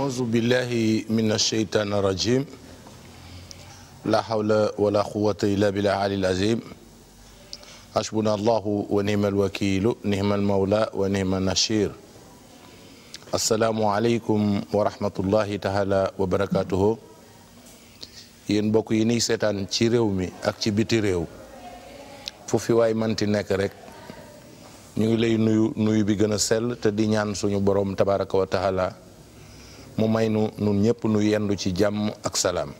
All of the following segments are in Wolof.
أعوذ بالله من الشيطان الرجيم لا حول ولا قوة إلا بالعلي العظيم حسبنا الله ونعم الوكيل نعم المولى ونعم النشير السلام عليكم ورحمة الله تعالى وبركاته yéen mbokk yi niy seetaan ci réew mi ak ci biti réew fu fi waay manti nekk rek ñu ngi lay nuyu nuyu bi gën a sell te di ñaan suñu borom tabaraka wa taala mu may nu nun ñëpp nu yendu ci jàmm ak salaam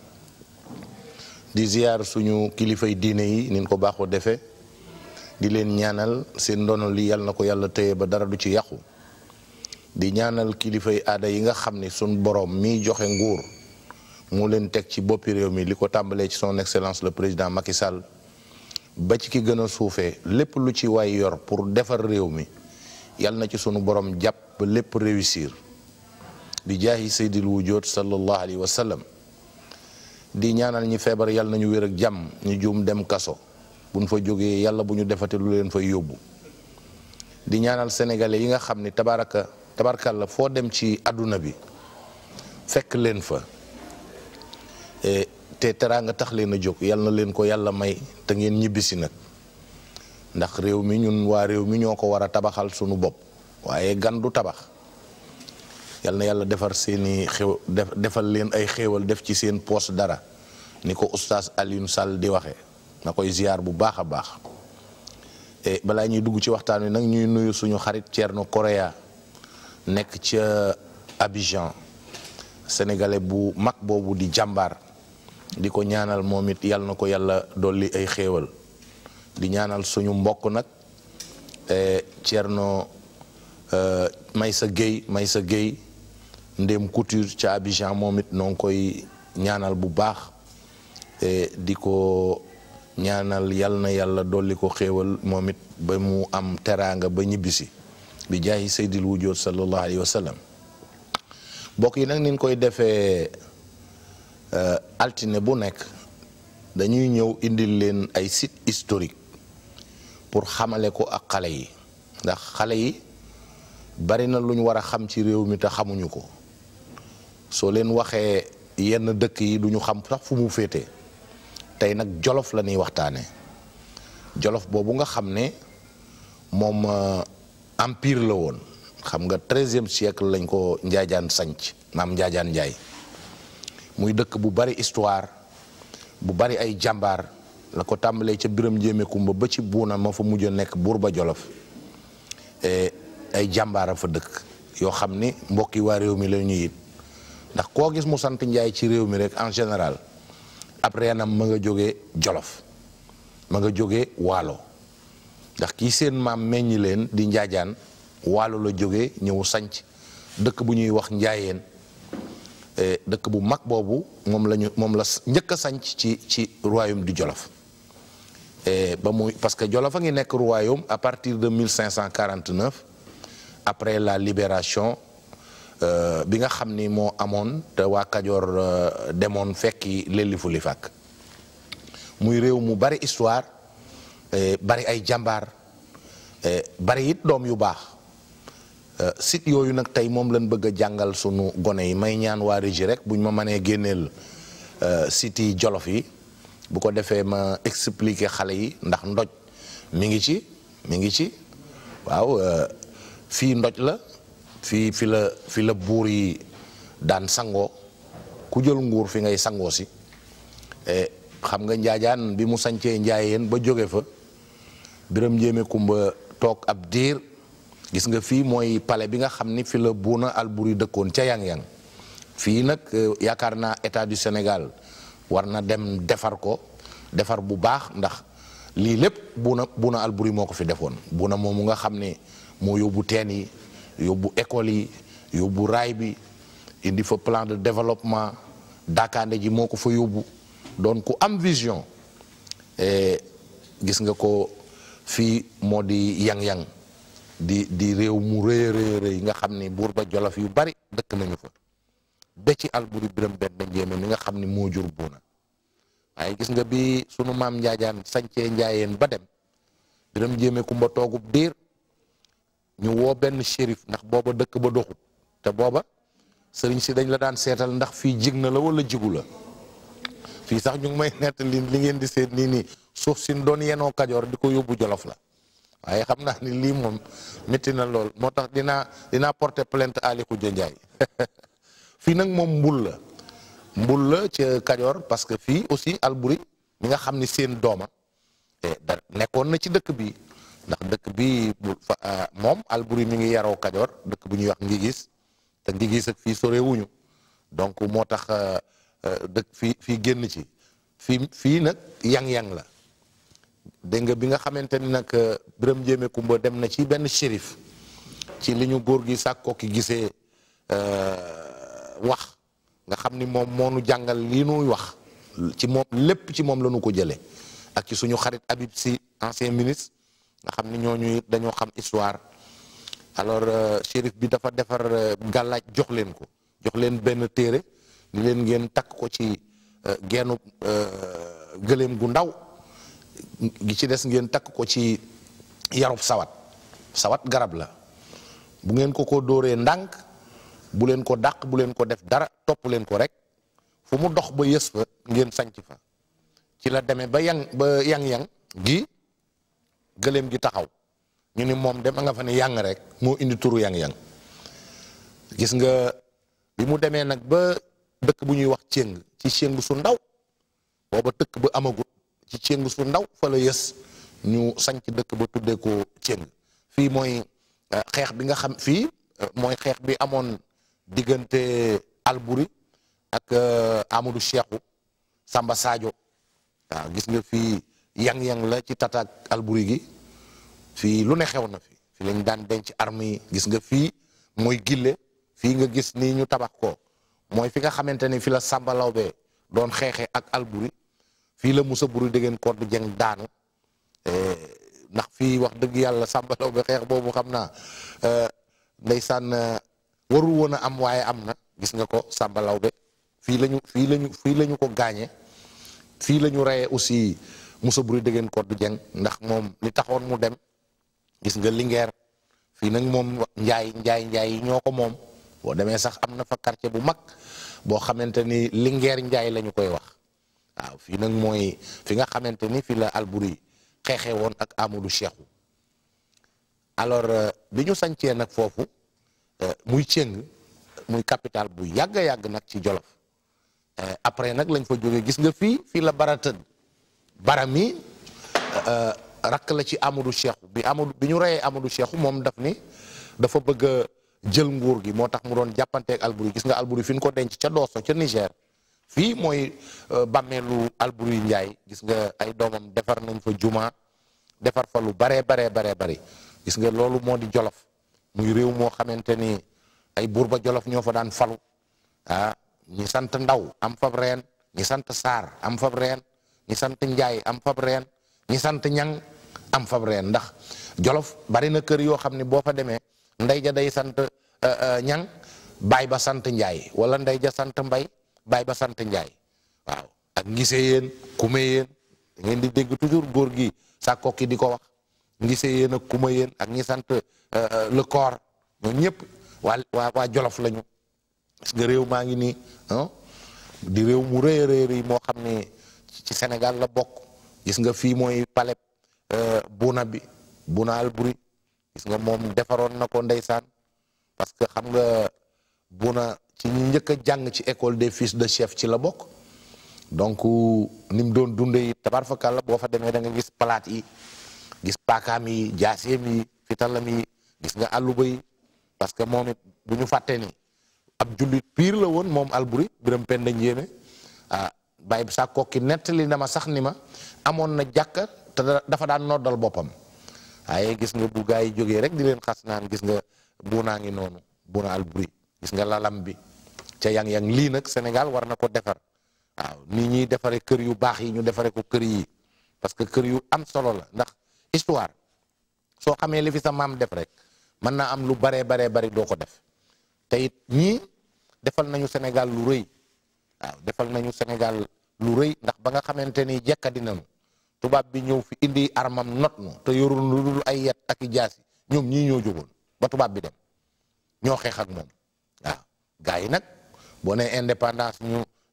di ziyaar suñu kilifay diine yi nin ko baaxoo defe di leen ñaanal seen ndono li yàlla na ko yàlla teye ba dara du ci yàqu di ñaanal kilifay aada yi nga xam ni suñ boroom mi joxe nguur mu leen teg ci boppi réew mi li ko tàmbalee ci son excellence la président Macky Sall ba ci ki gën a suufee lépp lu ci waay yor pour defar réew mi yàlla na ci suñu borom jàpp ba lépp réussir bi jaahi sayyidil wujood sallallahu alayhi wa sallam di ñaanal ñi feebar yàlla nañu wér ak jàmm ñu juum dem kaso bu buñ fa jógee yàlla bu ñu defate lu leen fay yóbbu di ñaanal sénégalais yi nga xam ni tabaraka la foo dem ci àdduna bi fekk leen fa e, te teraanga tax leen a jóg yàlla na leen ko yàlla may te ngeen ñibbisi nag ndax réew mi ñun waa réew mi ñoo ko war a tabaxal sunu bopp waaye gan du tabax yal na yàlla defar seeni xew defal leen ay xéewal def ci seen poos dara ni ko oustaz Alioune Sall di waxe na koy ziar bu baax a baax eh, balaa ñuy dugg ci waxtaan wi nag ñuy nuyu suñu xarit Thierno Correa nekk ca Abidjan sénégalais bu mag boobu di jàmbaar di ko ñaanal moom it yal na ko yàlla dolli ay xéewal di ñaanal suñu mbokk nag eh, eh, may sa géey may sa géey Ndem Couture ca Abidjan moom it noo koy ñaanal bu baax di ko ñaanal yal na yàlla dolli ko xéewal moom it ba mu am teraanga ba ñibbisi bi jaayi saydil wujood sallallahu alayhi wa mbokk yi nag niñ koy defee eh, altine bu nekk dañuy ñëw indil leen ay site historique pour xamale ko ak xale yi ndax xale yi bari na lu war a xam ci réew mi te xamuñu ko soo leen waxee yenn dëkk yi du ñu xam sax fu mu féete tey nag jolof la ñuy waxtaanee jolof boobu nga xam ne moom euh, empire la woon xam nga treizième siècle lañ ko njaajaan sanc maam njaajaan njaay muy dëkk bu bari histoire bu bari ay jàmbaar la ko tàmbalee ca biram jéeme kumba ba ci buuna ma fa mujj nekk buur ba jolof ay jàmbaar fa dëkk yoo xam ni mbokki waa réew mi la ñuy it ndax koo gis mu sant Njaay ci réew mi rek en général après reenam ma nga jóge Jolof ma nga jóge Waalo ndax kii seen maam meññi leen di njaajaan Waalo la jóge ñëw sanc dëkk bu ñuy wax njaayeen e, dëkk bu mag boobu moom lañu moom la njëkk a sanc ci ci royaume di Jolof e, ba muy parce que Jolof a ngi nekk royaume à partir de 1549 après la libération Euh, bi nga xam ni moo amoon te waa Kajoor euh, demoon fekki lellifu li fàkk muy réew mu bari histoire eh, bari ay jàmbaar eh, bari it doom yu baax euh, sit yooyu nag tey moom lañ bëgg a jàngal sunu gone yi may ñaan waa régie rek buñ ma mënee génneel site yi jolof yi bu ko defee ma expliquer xale yi ndax ndoj mi ngi ci mi ngi ci waaw fii ndoj la fii fi la fi la buur yi daan sangoo ku jël nguur fi ngay sangoo si e, xam nga njaajaan bi mu sancee njaayeen ba joge fa biram njéemé kumba toog ab diir gis nga fi mooy pale bi nga xam ni fi la buuna alburi dëkkoon ca yang-yang fii nag e, yaakaar naa état du Sénégal war na dem defar ko defar bu baax ndax lii lépp buuna buuna alburi moo ko fi defoon buuna moomu nga xam ne moo yóbbu teen yóbbu école yi yóbbu raay bi indi fa plan de développement daakaande ji moo ko fa yóbbu doon ku am vision eh, gis nga ko fii moo di yang-yang di di réew mu rëy rëy rëy nga xam ni buur ba jolof yu bari dëkk nañu fa ba ci Alburi Biram Benda Njéeme mi nga xam ni moo jur buuna waaye gis nga bi sunu maam njaajaan sañcee njaayeen ba dem Biram Njéeme kumba toogub diir ñu woo benn shérif ndax booba dëkk ba doxut te booba sëriñ si dañ la daan seetal ndax fii jig na la wala jigu la fii sax ñu ngi may nettali li ngeen di seet nii nii soof si doon yenoo kajoor di ko yóbbu jolof la waaye xam naa ni lii moom métti na lool moo tax dinaa dinaa porter plainte Ali Khoudia Ndiaye fii nag moom mbul la mbul la ca kajoor parce que fii aussi Albouri mi nga xam ni seen dooma da nekkoon na ci dëkk bi ndax dëkk bi ah, moom Alboury mi ngi yaroo Kajoor dëkk bu ñuy wax Ngigis te Ngigis ak fii sorewuñu donc moo tax ah, ah, dëkk fii fii génn ci fi fii nag yang-yang la dégg nga bi nga xamante ni nag Birame Jéeme Kumba dem na ci benn shérif ci li ñu góor gi sàkkoo ki gisee wax nga xam ni moom moo nu jàngal li nuy wax ci moom lépp ci moom la ñu ko jëlee ak ci suñu xarit Habib si ancien ministre nga xam ni ñooñu it dañoo xam histoire alors euh, shérif bi dafa defar euh, gàllaaj jox leen ko jox leen benn téere ni leen ngeen takk ko ci euh, geenu gëléem gu ndaw gi ci des ngeen takk ko ci yarub sawat sawat garab la bu ngeen ko ko dóoree ndànk bu leen ko dàq bu leen ko def dara topp leen ko rek fu mu dox ba yës fa ngeen sanc fa ci la demee ba yang ba yang yang gi gëléem gi taxaw ñu ni moom dem nga fa ne yang rek moo indi turu yang-yang gis nga bi mu demee nag ba dëkk bu ñuy wax céng ci céng su ndaw booba dëkk ba amagu ci céng su ndaw fa la yës ñu sanc dëkk ba tuddee ko céng fii mooy euh, xeex bi nga xam fii euh, mooy xeex bi amoon diggante Alburi ak euh, Amadou Cheikhou Samba Sadio waaw gis nga fii yang-yang la ci tataak alburi gi fii lu ne xew na fi lañ daan denc armes yi gis nga fii mooy gile fii nga gis nii ñu tabax ko mooy fi nga xamante ni fi la Samba Lawbe doon xeexe ak alburi fii la musa Buri déggeen koor du jeng daanu eh, ndax fii wax dëgg yàlla Samba Lawbe xeex boobu xam naa eh, ndeysaan eh, warul woon a am waaye am na gis nga ko Samba Lawbe fii lañu fii lañu fii lañu ko gaañe fii lañu reye aussi Moussa Boury dëggeen ko du jeng ndax moom li taxoon mu dem gis nga Linguère fii nag moom njaay njaay njaay yi ñoo ko moom boo demee sax am na fa quartier bu mag boo xamante ni Linguère njaay lañu koy wax waaw fii nag mooy fi nga xamante ni fii la Alboury xeexee woon ak Amadou seexu alors euh, bi ñu sañcee nag foofu euh, muy cëng muy capital bu yàgg a yàgg nag ci Jolof euh, après nag lañ fa jógee gis nga fii fii la bara bara barami euh, rakk la ci Amadou Cheikhou bi Amadou bi ñu reyee Amadou Cheikhou moom daf ni dafa bëgg jël nguur gi moo tax mu doon jàppanteeg Alboury gis nga Alboury fi ñu ko denc ca Dosso ca Niger fii mooy euh, bàmmeelu Alboury Ndiaye gis nga ay doomam defar nañ fa jumaa defar fa lu baree baree baree bari gis nga loolu moo di jolof muy réew moo xamante ni ay buur ba jolof ñoo fa daan falu ah ñi sant ndaw am fab reen ñi sant saar am fab reen ñi sant Njaay am fab reen ñi sant ñang am fab reen ndax jolof bari na kër yoo xam ne boo fa demee nday ja day sant euh, euh, ñang baay ba sant Njaay wala ndey ja sant mbay baay ba sant Njaay waaw ak ngisee yéen kume yéen ngeen di dégg toujours góor gi sàkko ki di ko wax ngisee yéen ak kuma yéen ak ñi sant euh, le corps ñoom ñëpp waa waa waa jolof lañu gis réew maa ngi nii ah, di réew mu rëy a rëy moo xam ne ci Sénégal la bokk gis nga fii mooy palais euh, Bouna bi Bouna Albouri gis nga moom defaroon na ko ndeysaan parce que xam nga Bouna ci ñi njëkk a jàng ci école des fils de chef ci la bokk donc ni mu doon dunde yi tabarfakàlla boo fa demee da nga gis palaat yi gis paakaam yi jaaseem yi fitalam yi gis nga àlluba parce que moom bu ñu fàtte ni ab jullit piir la woon moom Albouri Biram Penda Njéeme bàyyi bi sax kooki nettali na ma sax ni ma amoon na jàkka te dafa daan noddal boppam waaye gis nga bu gaa yi jógee rek di leen xas naan gis nga buunaa ngi noonu buuna Alboury gis nga lalam bi ca yang-yang lii nag Sénégal war na ko defar waaw nii ñuy defaree kër yu baax yi ñu defaree ko kër yi parce que kër yu am solo la ndax histoire soo xamee li fi sa maam def rek mën naa am lu baree baree bari doo ko def te it ñii defal nañu Sénégal lu rëy waaw defal nañu Sénégal lu rëy ndax ba nga xamante ni jekkadi nañu tubaab bi ñëw fi indi armam not nu te yorul lu dul ay yet ak i jaasi ñoom ñii ñoo jógoon ba tubaab bi dem ñoo xeex ak gars yi nag boo nee indépendance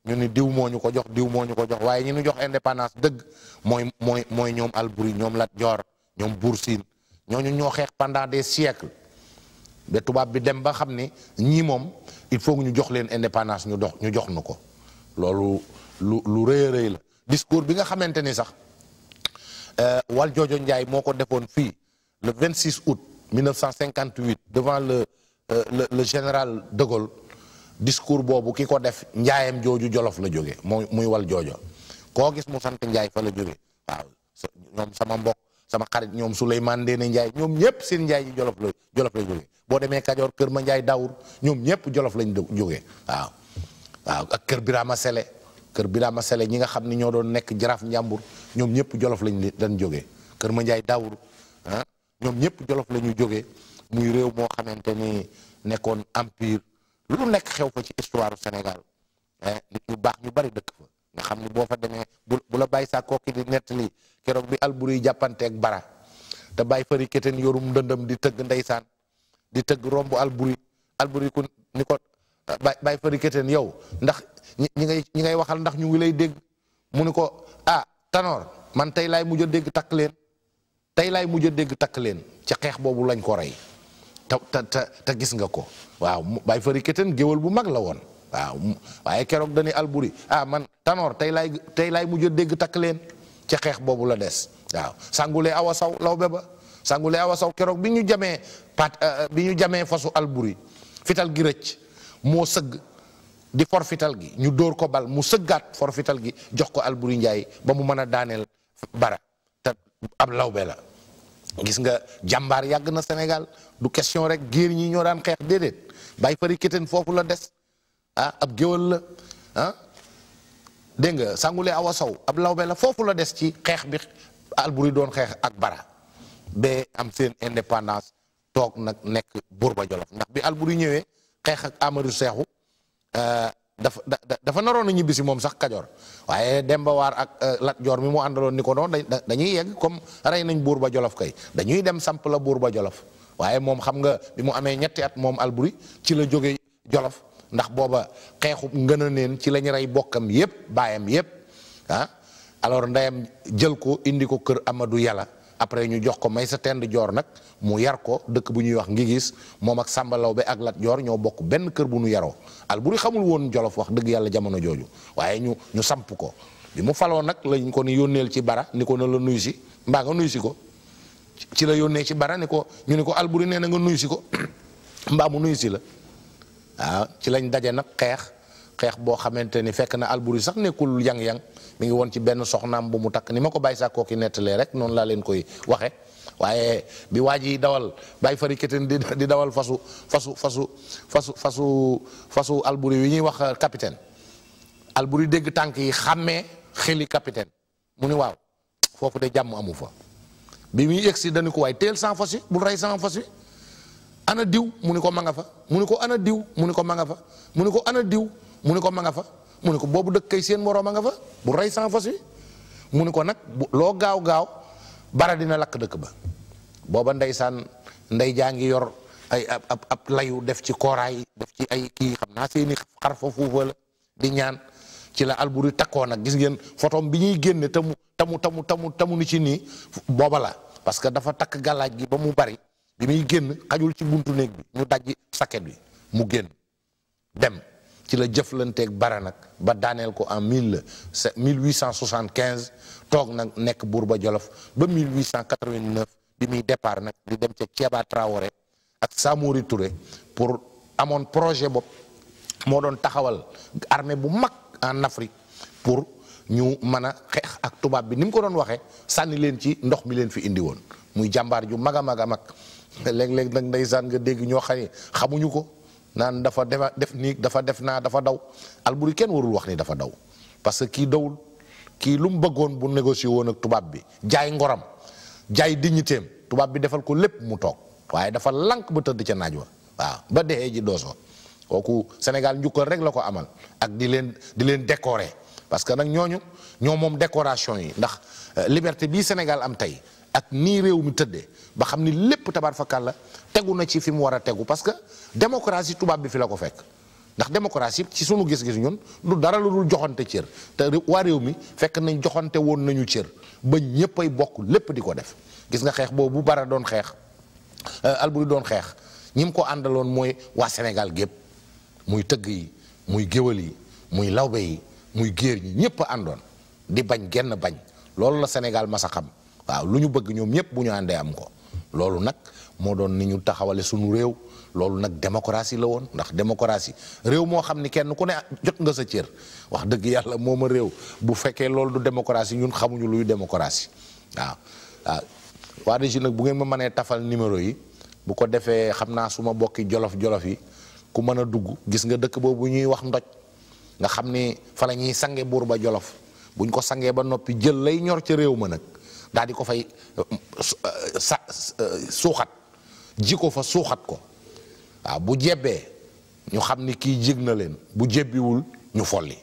ñu ni diw moo ñu ko jox diw moo ñu ko jox waaye ñi ñu jox indépendance dëgg mooy mooy mooy ñoom Alburi ñoom Lat Joor ñoom Buur Siin ñooñu ñoo xeex des siècles ba tubaab bi dem ba xam ni ñii moom il faut ñu jox leen indépendance ñu dox ñu jox nu ko loolu lu lu rëy rëy la discours bi nga xamante ni sax euh, Wal Joojo Njaay moo ko defoon fii le 26 août 1958 devant le euh, le le général de Gaulle discours boobu ki ko def njaayam jooju jolof la jóge mooy muy Wal Joojo koo gis mu sant njaay fa la jóge waaw ñoom sama mbokk sama xarit ñoom Souleymane Ndéné Njaay ñoom ñëpp seen njaay ji jolof la jolof la jóge boo demee Kajoor Kër Ma Njaay Dawur ñoom ñëpp jolof lañ jóge waaw waaw ak kër Birama Sele kër Birama Sele ñi nga xam ne ñoo doon nekk jaraaf njàmbur ñoom ñëpp jolof lañ dañ jógee kër Mandiaye Daawur ah ñoom ñëpp jolof la ñu jógee muy réew moo xamante ni nekkoon empire lu nekk xew fa ci histoire Sénégal eh, nit ñu baax ñu bari dëkk fa nga xam ni boo fa demee bu la bàyyi saa kooki di nettali keroog bi alburu yi jàppanteeg bara te bàyyi fari keten yorum ndëndëm di tëgg ndeysaan di tëgg romb alburi alburi ku ni bàyyi fa rikkateen yow ndax ñi ngay ñi ngay waxal ndax ñu ngi lay dégg mu ne ko ah tanoor man tey laay mujj a dégg takk leen tey laay mujj a dégg takk leen ca xeex boobu lañ ko rey te te gis nga ko waaw bàyyi fa rikkateen géwal bu mag la woon waaw waaye keroog dañuy alburi ah man tanoor tey laay tey laay mujj a dégg takk leen ca xeex boobu la des waaw sangulee awa saw lawbe ba sangulee awa saw keroog bi ñu jamee pat euh, bi ñu jamee fasu alburi fital gi rëcc moo sëgg di forfital gi ñu dóor ko bal mu sëggaat forfital gi jox ko Alburi Njaay ba mu mën a daaneel bara te ab lawbe la gis nga jàmbaar yàgg na Sénégal du question rek géer ñi ñoo daan xeex déedéet bay fari kéten foofu la des ah, ab géwal la ah dégg nga sàngule awa sow ab lawbe la foofu la des ci xeex bi Alburi doon xeex ak bara ba am seen indépendance toog nag nekk buur ba Jolof ndax bi Alburi ñëwee xeex ak Amadou Seexu euh, dafa dafa naroon a ñibbi moom sax Kajoor waaye Demba Waar ak euh, Lat Joor mi mu àndaloon ni ko noonu dañuy yegg comme rey nañ buur ba Jolof kay dañuy dem samp la buur ba Jolof waaye moom xam nga bi mu amee ñetti at moom Alburi ci la jóge Jolof ndax booba xeexu ngën a neen ci la ñu rey bokkam yépp baayam yépp ah alors ndeyam jël ko indi ko kër Amadou Yàlla après ñu jox ko may sa tend joor nag mu yar ko dëkk bu ñuy wax ngi gis moom ak Samba Lawbe ak Lat Joor ñoo bokk benn kër bu ñu yaroo Alburi xamul woon jolof wax dëgg yàlla jamono jooju waaye ñu ñu samp ko bi mu faloo nag lañ ko ni yónneel ci bara ni ko na la nuyu si mbaa nga nuyu si ko ci la yónnee ci bara ni ko ñu ni ko Alburi nee na nga nuyu si ko mbaa mu nuyu si la waaw ah, ci lañ daje nag xeex xeex boo xamante ni fekk na Alburi sax nekkul yang-yang mi ngi woon ci benn soxnaam bu mu takk ni ma ko Baye sa ki nettalee rek noonu laa leen koy waxe waaye bi waa ji dawal Baye Fari Kéten di dawal fasu fasu fasu fasu fasu fasu Alburi wi ñuy wax capitaine Alburi dégg tànk yi xàmmee xeli capitaine mu ni waaw foofu de jàmm amu fa bi muy si dañu ko waay teel sans fas yi bul rey sans fas yi ana diw mu ni ko manga fa mu ni ko ana diw mu ni ko manga fa mu ni ko ana diw mu ni ko manga fa mu ne ko boobu dëkk kay seen moroom a nga fa bu rey sans fas wi mu ni ko nag loo gaaw gaaw bara dina lakk dëkk ba booba ndeysaan ndey jaa ngi yor ay ab ab layu def ci kooraay def ci ay kii xam naa seeni xar fa fuufa di ñaan ci la alburi takkoo nag gis ngeen photom bi ñuy génne tamu tamu tamu tamu tamu ni ci nii booba la parce que dafa takk gàllaaj gi ba mu bari bi muy génn xajul ci buntu néeg bi ñu dajji saket bi mu génn dem ci la jëflanteeg bara nag ba daaneel ko en mille mille huit cent soixante quinze toog nag nekk buur ba Jolof ba mille huit cent quatre vingt neuf bi muy départ nag di dem ca Kéba Traoré ak Samori Touré pour amoon projet bopp moo doon taxawal armée bu mag en Afrique pour ñu mën a xeex ak tubaab bi ni mu ko doon waxee sànni leen ci ndox mi leen fi indi woon muy jàmbaar ju mag a mag a mag léeg-léeg nag ndeysaan nga dégg ñoo xam xamuñu ko. naan dafa defa def nii dafa def naa dafa daw Albouri kenn warul wax ni dafa daw parce que kii dawul kii lu mu bëggoon bu négocier woon ak tubaab bi jaay ngoram jaay dignitéem tubaab bi defal ko lépp mu toog waaye dafa lank ba tëdd ca naaj wa waaw ba dexee ji doosoo kooku Sénégal njukkal rek la ko amal ak di leen di leen décorer parce que nag ñooñu ñoo moom décoration yi ndax euh, liberté bii Sénégal am tey ak nii réew mi tëddee ba xam ni lépp tabaar fakal la tegu na ci fi mu war a tegu parce que démocratie tubaab bi fi la ko fekk ndax démocratie ci sunu gis-gis ñun du dara lu dul joxante cër te waa réew mi fekk nañ joxante woon nañu cër ba ñépp ay bokk lépp di ko def gis nga xeex boobu bara doon xeex euh, Alboury doon xeex ñim ko àndaloon mooy waa senegal gépp muy tëgg yi muy géwël yi muy lawbe yi muy géer ñi ñépp a àndoon di bañ genn bañ loolu la Sénégal masa xam waaw lu ñu bëgg ñoom ñëpp bu ñu àndee am ko loolu nag moo doon ni ñu taxawale suñu réew loolu nag démocratie la woon ndax démocratie réew moo xam ni kenn ku ne jot nga sa cër wax dëgg yàlla moo ma réew bu fekkee loolu du démocratie ñun xamuñu luy démocratie waaw waaw waa régie nag bu ngeen ma manee tafal numéro yi bu ko defee xam naa su ma bokki jolof-jolof yi ku mën a dugg gis nga dëkk boobu ñuy wax ndoj nga xam ni fa la ñuy sange buur ba jolof buñ ko sangee ba noppi jël lay ñor ca réew ma nag daal di ko fay euh, sa euh, suuxat ji ko fa suuxat ko waaw bu jebbee ñu xam ni kii jig na leen bu jebbiwul ñu folli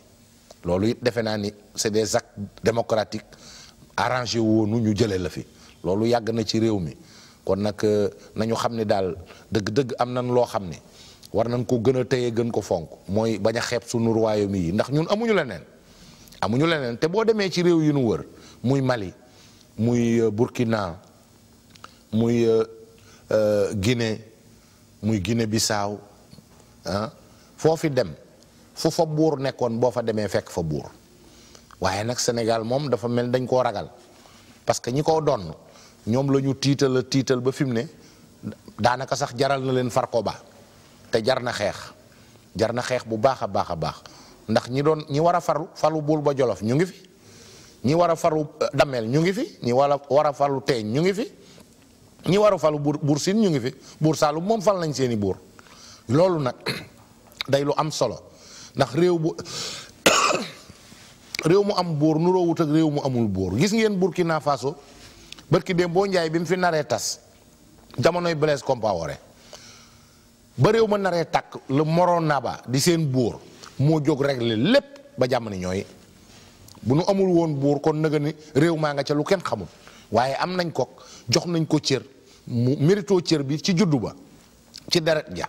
loolu it defe naa ni c'est des actes démocratiques arrangé woonu ñu jëlee lafi loolu yàgg na ci réew mi kon nag euh, nañu xam ne daal dëgg-dëgg am nañ loo xam ne war nañ ko gën a téye gën ko fonk mooy bañ a xeeb sunu royaume yi ndax ñun amuñu leneen amuñu leneen te boo demee ci réew yi nu wër muy Mali muy euh, Burkina muy euh, euh, Guinée muy Guinée Bissau ah foo fi dem fu fa buur nekkoon boo fa demee fekk fa buur waaye nag Sénégal moom dafa mel dañ koo ragal parce que ñi ko doon ñoom la ñu tiital a tiital ba fi mu ne daanaka sax jaral na leen far ko ba te jar na xeex jar na xeex bu baax a baax a baax ndax ñi doon ñi war a faru buur ba Jolof ñu ngi fi ñi war a falu euh, dameel ñu ngi fi ñi war a war a falu teeñ ñu ngi fi ñi war a falu buur buur siin ñu ngi fi buur saalum moom fal lañ seeni buur loolu nag day lu am solo ndax réew bu réew mu am buur nuroowut ak réew mu amul buur gis ngeen naa Faso bërki dem boo njaay bi mu fi naree tas jamonoy Blaise Compaoré ba réew ma naree tàkk le Moronaba di seen buur moo jóg régler lépp ba jàmm ñooy bu nu amul woon buur kon naga ni réew maa nga ca lu kenn xamul waaye am nañ ko jox nañ ko cër mu mérito cër bi ci juddu ba ci deret ja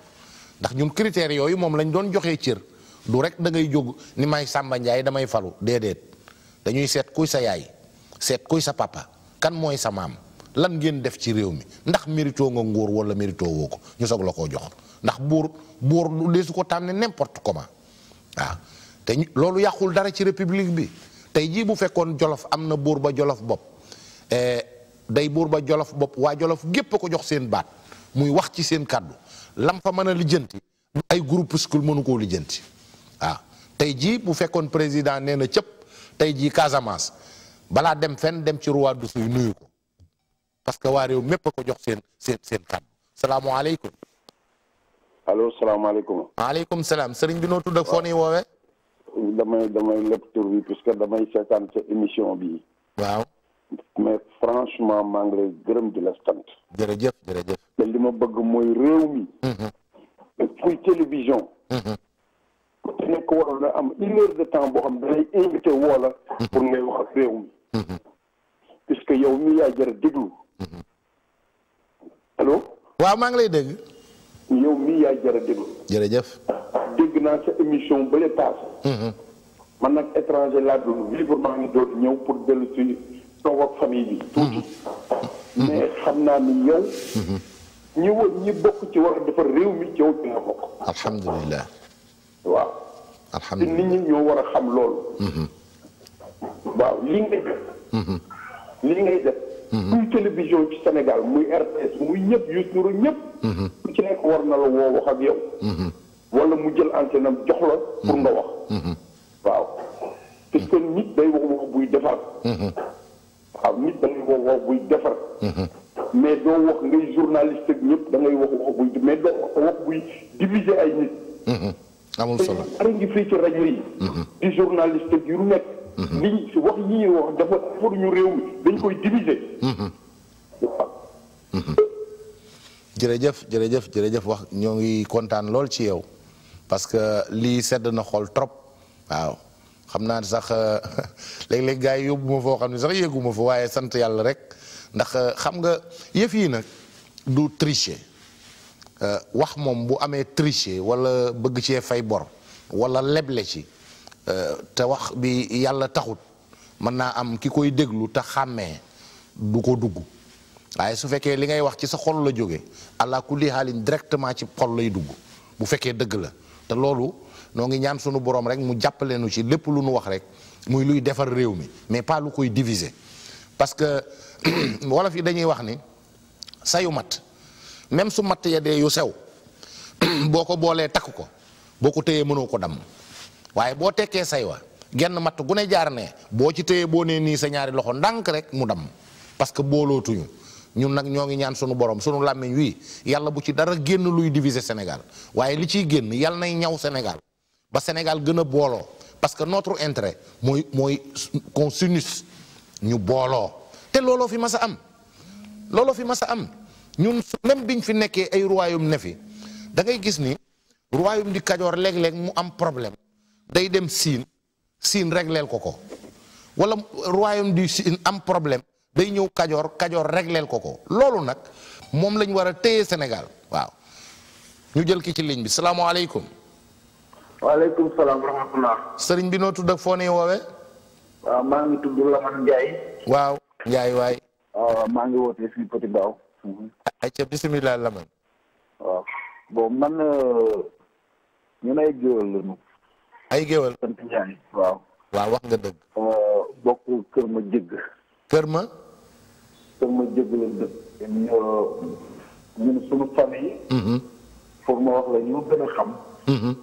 ndax ñun critères yooyu moom lañ doon joxee cër du rek da ngay jóg ni may Samba Ndiaye damay falu déedéet dañuy seet kuy sa yaay seet kuy sa papa kan mooy sa maam lan ngeen def ci réew mi ndax mérito nga nguur wala mérito woo ko ñu soog la koo jox ndax buur buur du deesu ko tànne n'importe comment waaw te loolu yàqul dara ci république bi tey jii bu fekkoon jolof am na buur ba jolof bopp eh, day buur ba jolof bopp waa jolof gépp ko jox seen baat muy wax ci seen kàddu lam fa mën a lijjanti ay groupe school mënu koo lijjanti waaw ah, tey jii bu fekkoon président nee na cëpp tey jii Casamance balaa dem fenn dem ci roi du suy nuyu ko parce que waa réew mépp a ko jox seen seen seen kàddu salaamaaleykum. allo salaamaaleykum. maaleykum salaam sëriñ bi noo tudd ak foo nii damay damay lépp tur bi puisque damay seetaan sa émission bi waaw mais franchement maa ngi lay gërëm di la sant jërëjëf jërëjëf te li ma bëgg mooy réew mi kuy mm-hmm. télévision mm-hmm. ku ci nekk waroon na am une heure de temps boo xam danay invité woola mm-hmm. pour ngay wax réew mi puisque yow mi yaa jërë déglu waaw maa ngi lay dégg yow mii yaa jërë jërëjëf dégg naa sa émission bële paase man nag étranger laa doon vivre maa ngi doon ñëw pour dellu si toog famille bi. tuuti mhm. mais xam naa ni yow. Mhm. ñi woon ñi bokk ci war a réew mi ci yow bi nga bokk. alhamdulilah. waaw. alhamdulilah war a xam loolu. Mhm. waaw li ngay def. li télévision ci Sénégal muy mu muy ñëpp Youssou Ndour ñëpp. ku ci nekk war na la woo wax ak yow. wala mu jël antenne jox la pour nga wax. waaw parce que nit day wax wax buy defar. Mhm. waaw nit da mhm. mais doo wax ngay journaliste ak ñëpp da wax wax buy mais mhm. amul solo te ngi fii yi. di journaliste yu nekk. liñ wax yi wax dafa pour ñu réew mi dañ koy diviser. jërëjëf jërëjëf wax ñoo ngi kontaan lool ci yow parce que lii sedd na xol trop. waaw xam naa sax euh, léeg-léeg gars yi yóbbu ma foo xam ne sax yéegu ma fa waaye sant yàlla rek ndax euh, xam nga yëf yii nag du tricher euh, wax moom bu amee tricher wala bëgg cee fay bor wala leble ci te wax bi yàlla taxut mën naa am ki koy déglu te xàmmee du ko dugg waaye su fekkee li ngay wax ci sa xol la jóge àla kulli haalin directement ci xol lay dugg bu fekkee dëgg la te loolu noo ngi ñaan sunu borom rek mu jàppale nu ci lépp lu nu wax rek muy luy defar réew mi mais pas lu koy diviser parce que wolof yi dañuy wax ni sayu matt même su matt ya dee yu sew boo ko boolee takk ko boo ko téyee mënoo ko damm waaye boo tekkee say wa genn matt gu ne jaar ne boo ci téyee boo nee nii sa ñaari loxo ndànk rek mu damm parce que boolootuñu ñun nag ñoo ngi ñaan sunu borom sunu làmmiñ wi yàlla bu ci dara génn luy diviser Sénégal waaye li ciy génn yàlla nay ñaw Sénégal ba Sénégal gën a booloo parce que notre intérêt mooy mooy qu'on s'unisse ñu booloo te looloo fi mas a am looloo fi mas a am ñun même biñ fi nekkee ay royaume ne fi da ngay gis ni royaume di Kajoor léeg-léeg mu am problème day dem Siin Siin régleel ko ko wala royaume du Siin am problème day ñëw Kajoor Kajoor régleel ko ko loolu nag moom lañ war a téye Sénégal waaw ñu jël ki ci ligne bi salaamaaleykum waaleykum salaam wa sëriñ bi noo tudd ak foo nii woowee. waaw maa ngi tudd Lamane Ndiaye. waaw Ndiaye waay. waaw maa ngi wootee fii Petit Mbao. ayca bisimilah Lamane. waaw bon man euh, ñun ay géwél lañu. ay géwél. waaw. wax nga dëgg. Euh, bokk kër ma jëgg. kër ma. kër ma jëgg lañ dëkk. Euh, ñun suñu famille. Mm-hmm. pour ma wax la ñu gën a xam. Mm-hmm.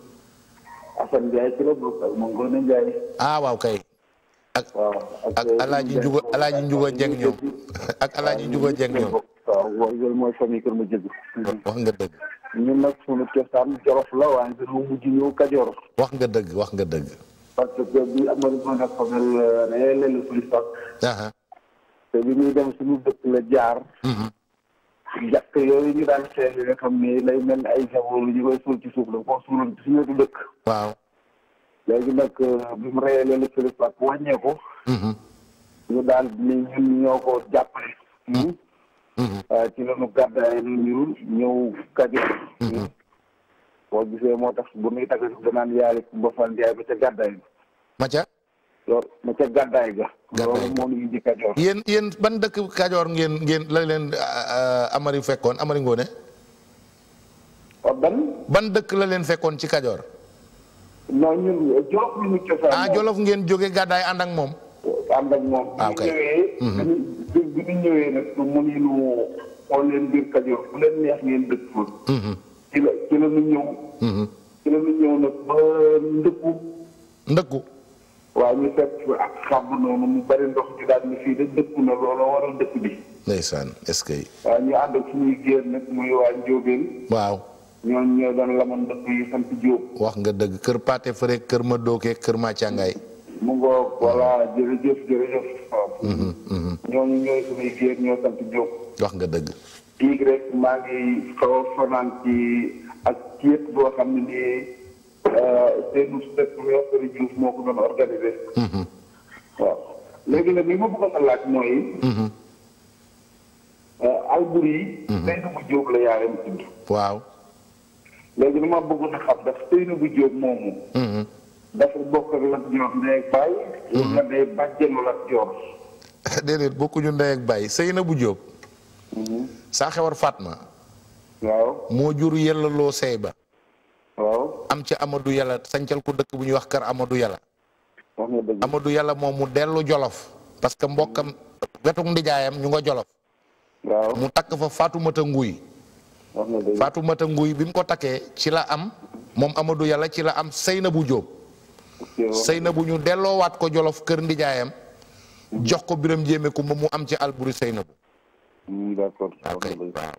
Assane Ndiaye ci la bokk ak Mangone Ndiaye. ah waaw kay. ak ak Alaaji Njuga Jeng ñoom wax nga dëgg. ñun nag sunu cosaan Jolof la waaye wax nga dëgg wax nga dëgg. parce que bi Amadou te bi ñuy dem suñu dëkk la jaar. Mhm. jàkk yooyu ñu daan seen yi nga xam ne lay mel ay jaboor ñu koy ci suuf la ko suuloon ci suñu dëkk waaw léegi nag euh, bi mu reyee loolu Philippe Pape wàññee ko mm-hmm. ñu daal ni ñun ñoo ko jàppale mm-hmm. Hmm? Mm-hmm. Euh, ci lañu gàddaay nu ñëw Kajoor boo gisee moo tax bu nuy tagga danaan yaari Kumba Fall Njaay ba ca gàddaay bi loolu ma ca gàddaay ga. loolu moo ban dëkk Kajoor ngeen ngeen la leen Amari fekkoon Amari Ngoone. ban. ban dëkk la leen fekkoon ci Kajoor. Ah, Jolof ngeen jóge gàddaay ànd ak moom. ànd ak moom. Ah, bi ñu ñëwee. Mhm. bi ñu mu nu xool leen biir Kajoor bu mhm. mhm. nag ndëkku. ndëkku. waaye ñu fekk ak xàmb noonu mu bari ndox ñu daal ni fii de dëkku na loolu waral dëkk bi. ndeysaan est-ce que. waaw ñu ànd ak géer nag muy waa Njóobeen. waaw. ñoo wax nga dëgg kër Pathé Fure kër ma Doke kër ma Càngaay. Mhm, mhm. ñooy suñuy géer ñoo sant Diop. wax nga dëgg. kii rek maa ngi xaw fanaan ci ak ceeb boo xam ne nii. Euh, Seydou Seydou mhm. léegi nag li ma bëggoon a laaj mooy. Mhm. Euh, Alboury. Mhm. Seynabou Diop la moomu. dafa bokk ak Lat Joor ndey ak baay. wala day bàjjenu Lat Joor. déedéet bokkuñu ndey ak baay Seynabou Diop. saa xewar Fatma. waaw moo jur yellaloo Seyba. waaw am ci Amadou Yàlla sancal ko dëkk bu ñuy wax kër Amadou Yàlla Amadou Yàlla moom mu dellu Jolof parce que mbokkam wetuk ndijaayam ñu nga Jolof mu takk fa Faatumata Nguy Faatumata Nguy bi mu ko takkee ci la am moom Amadou Yàlla ci la am bu Seynabu Jóob bu ñu delloowaat ko Jolof kër ndijaayam jox ko Biram Jéeme ko moom mu am ci Alburi Seynabu d'accord ah,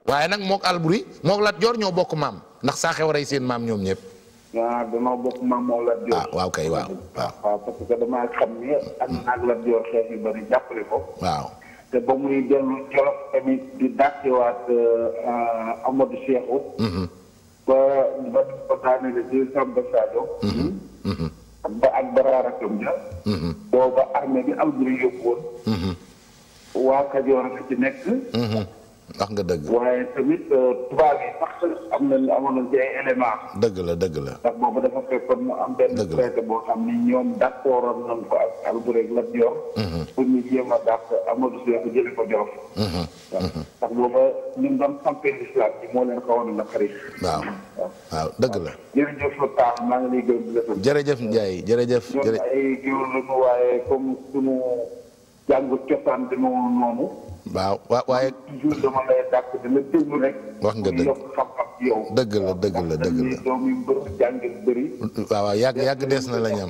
waaye nag mook Alburi moo Lat Joor ñoo bokk maam ndax saa xew rey seen maam ñoom ñëpp. ah damaa bokk maam moom Lat Joor. Ah, ak naag hmm. Lat Joor xeex yu bari jàppale ko. waaw te ba muy dellu Jolof tamit di dàkkiwaat euh, euh, Amadou hmm. hmm. booba armée bi Alburi yóbbu waa Kajoor nga ci nekk. Mhm. wax nga dëgg. waaye tamit euh, tubaab yi sax am na amoon nañ dëgg la dëgg la. ndax boobu dafa fekkoon mu boo xam ni ñoom d' accord am nañ ko ak Albouri ak Lat mhm. a dàq Amadou ko Jolof. Mhm. waaw ndax booba ñu ngi doon campagne islam na xarit. waaw waaw dëgg la. jërëjëf Tall maa ngi lay gërëm di la. jërëjëf Ndiaye jërëjëf. waaye comme sunu. jàngu cosaan bi waaw waaye. wax nga dëgg yokk dëgg la dëgg la dëgg la waaw doomi mbër jàng bëri. yàgg yàgg na la ñam.